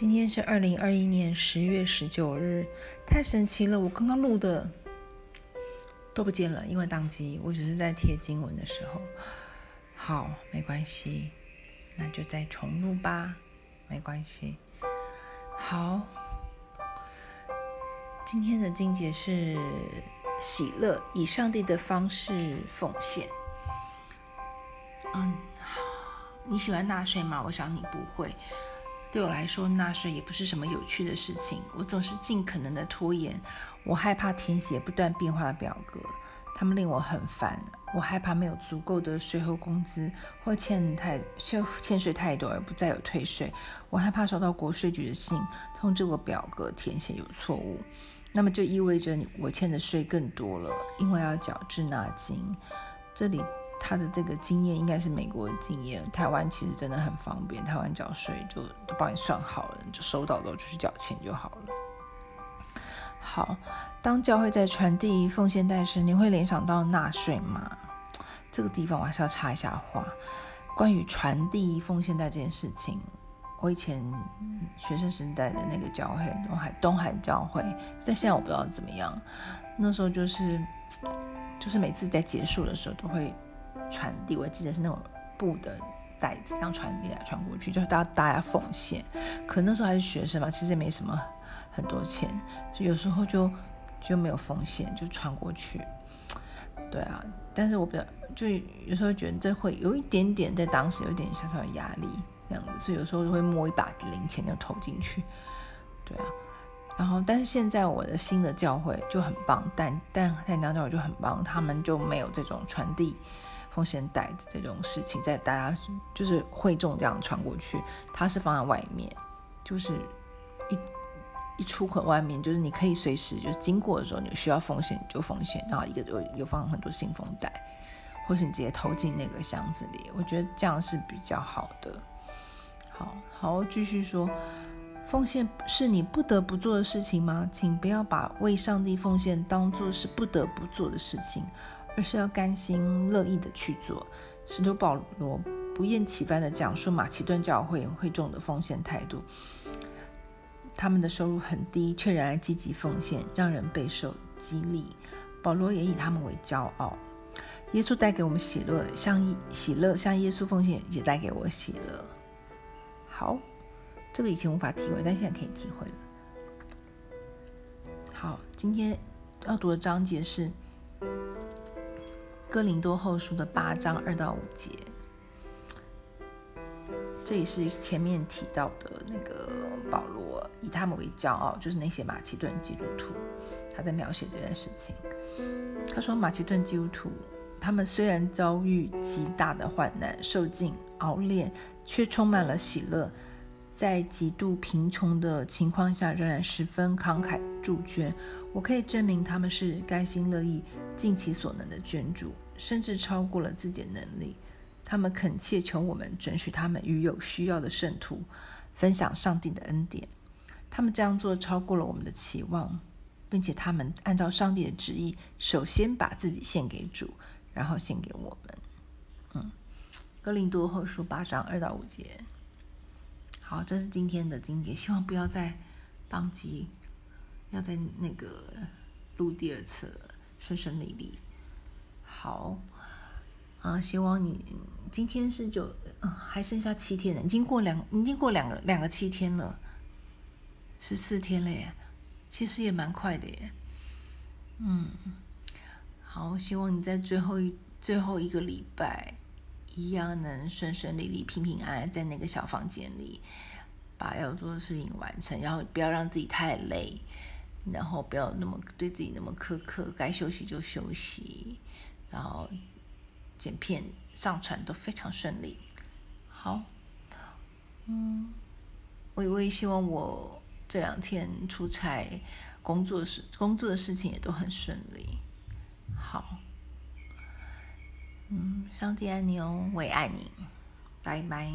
今天是二零二一年十月十九日，太神奇了！我剛剛錄的都不見了，因為當機。我只是在貼經文的時候，好，沒關係，那就再重錄吧，沒關係。好，今天的經節是喜樂，以上帝的方式奉獻。嗯，你喜歡納稅嗎？我想你不會。對我來說，納稅也不是什麼有趣的事情。我總是盡可能地拖延。我害怕填寫不斷變化的表格，它們令我很煩。我害怕沒有足夠的稅後工資，或欠太欠欠稅太多而不再有退稅。我害怕收到國稅局的信，通知我表格填寫有錯誤。那麼就意味着我欠的稅更多了，因為要繳滯納金。這裡。他的這個經驗應該是美國的經驗。台灣其實真的很方便，台灣繳稅就都幫你算好了，就收到之後就去繳錢就好了。好，當教會在傳遞奉獻袋時，你會聯想到納稅嗎？這個地方我還是要插一下話。關於傳遞奉獻袋這件事情，我以前學生時代的那個教會東海東海教會，但現在我不知道怎麼樣。那時候就是就是每次在結束的時候都會。傳遞，我記得是那種布的袋子，這樣傳遞啊，傳過去，就是大家大家奉獻。可那時候還是學生嘛，其實也沒什麼很多錢，所以有時候就就沒有奉獻，就傳過去。對啊，但是我比較就有時候覺得這會有一點點，在當時有一點小小的壓力這樣子，所以有時候就會摸一把零錢就投進去。對啊，然後但是現在我的新的教會就很棒，但但但那教會就很棒，他們就沒有這種傳遞。奉獻袋子這種事情，在大家就是會眾這樣傳過去，它是放在外面，就是一一出口外面，就是你可以隨時就是經過的時候，你需要奉獻就奉獻，然後一個有又放很多信封袋，或是你直接投進那個箱子裡，我覺得這樣是比較好的。好好繼續說，奉獻是你不得不做的事情嗎？請不要把為上帝奉獻當做是不得不做的事情。而是要甘心樂意地去做。使徒保羅不厭其煩地講述馬其頓教會會眾的奉獻態度，他們的收入很低，卻仍然積極奉獻，讓人備受激勵。保羅也以他們為驕傲。耶穌帶給我們喜樂，像喜樂，向耶穌奉獻也帶給我喜樂。好，這個以前無法體會，但現在可以體會了。好，今天要讀的章節是。哥林多後書的八章二到五節，這也是前面提到的那個保羅以他們為驕傲，就是那些馬其頓基督徒，他在描寫這件事情。他說，馬其頓基督徒他們雖然遭遇極大的患難，受盡熬煉，卻充滿了喜樂。在極度貧窮的情況下，仍然十分慷慨助捐。我可以證明，他們是甘心樂意、盡其所能的捐助，甚至超過了自己的能力。他們懇切求我們准許他們與有需要的聖徒分享上帝的恩典。他們這樣做超過了我們的期望，並且他們按照上帝的旨意，首先把自己獻給主，然後獻給我們。嗯，《哥林多後書》八章二到五節。好，這是今天的經典，希望不要再宕機，要在那個錄第二次，順順利利。好，啊，希望你今天是九，啊，還剩下七天呢，已經過兩，已經過兩個兩個七天了，十四天了耶，其實也蠻快的耶。嗯，好，希望你在最後一最後一個禮拜一樣能順順利利，平平安安在那個小房間裡，把要做的事情完成，然後不要讓自己太累，然後不要那麼對自己那麼苛刻，該休息就休息，然後剪片上傳都非常順利。好，嗯，我也我也希望我這兩天出差工作，事工作的事情也都很順利。好。嗯，上帝愛你哦，我也愛你，拜拜。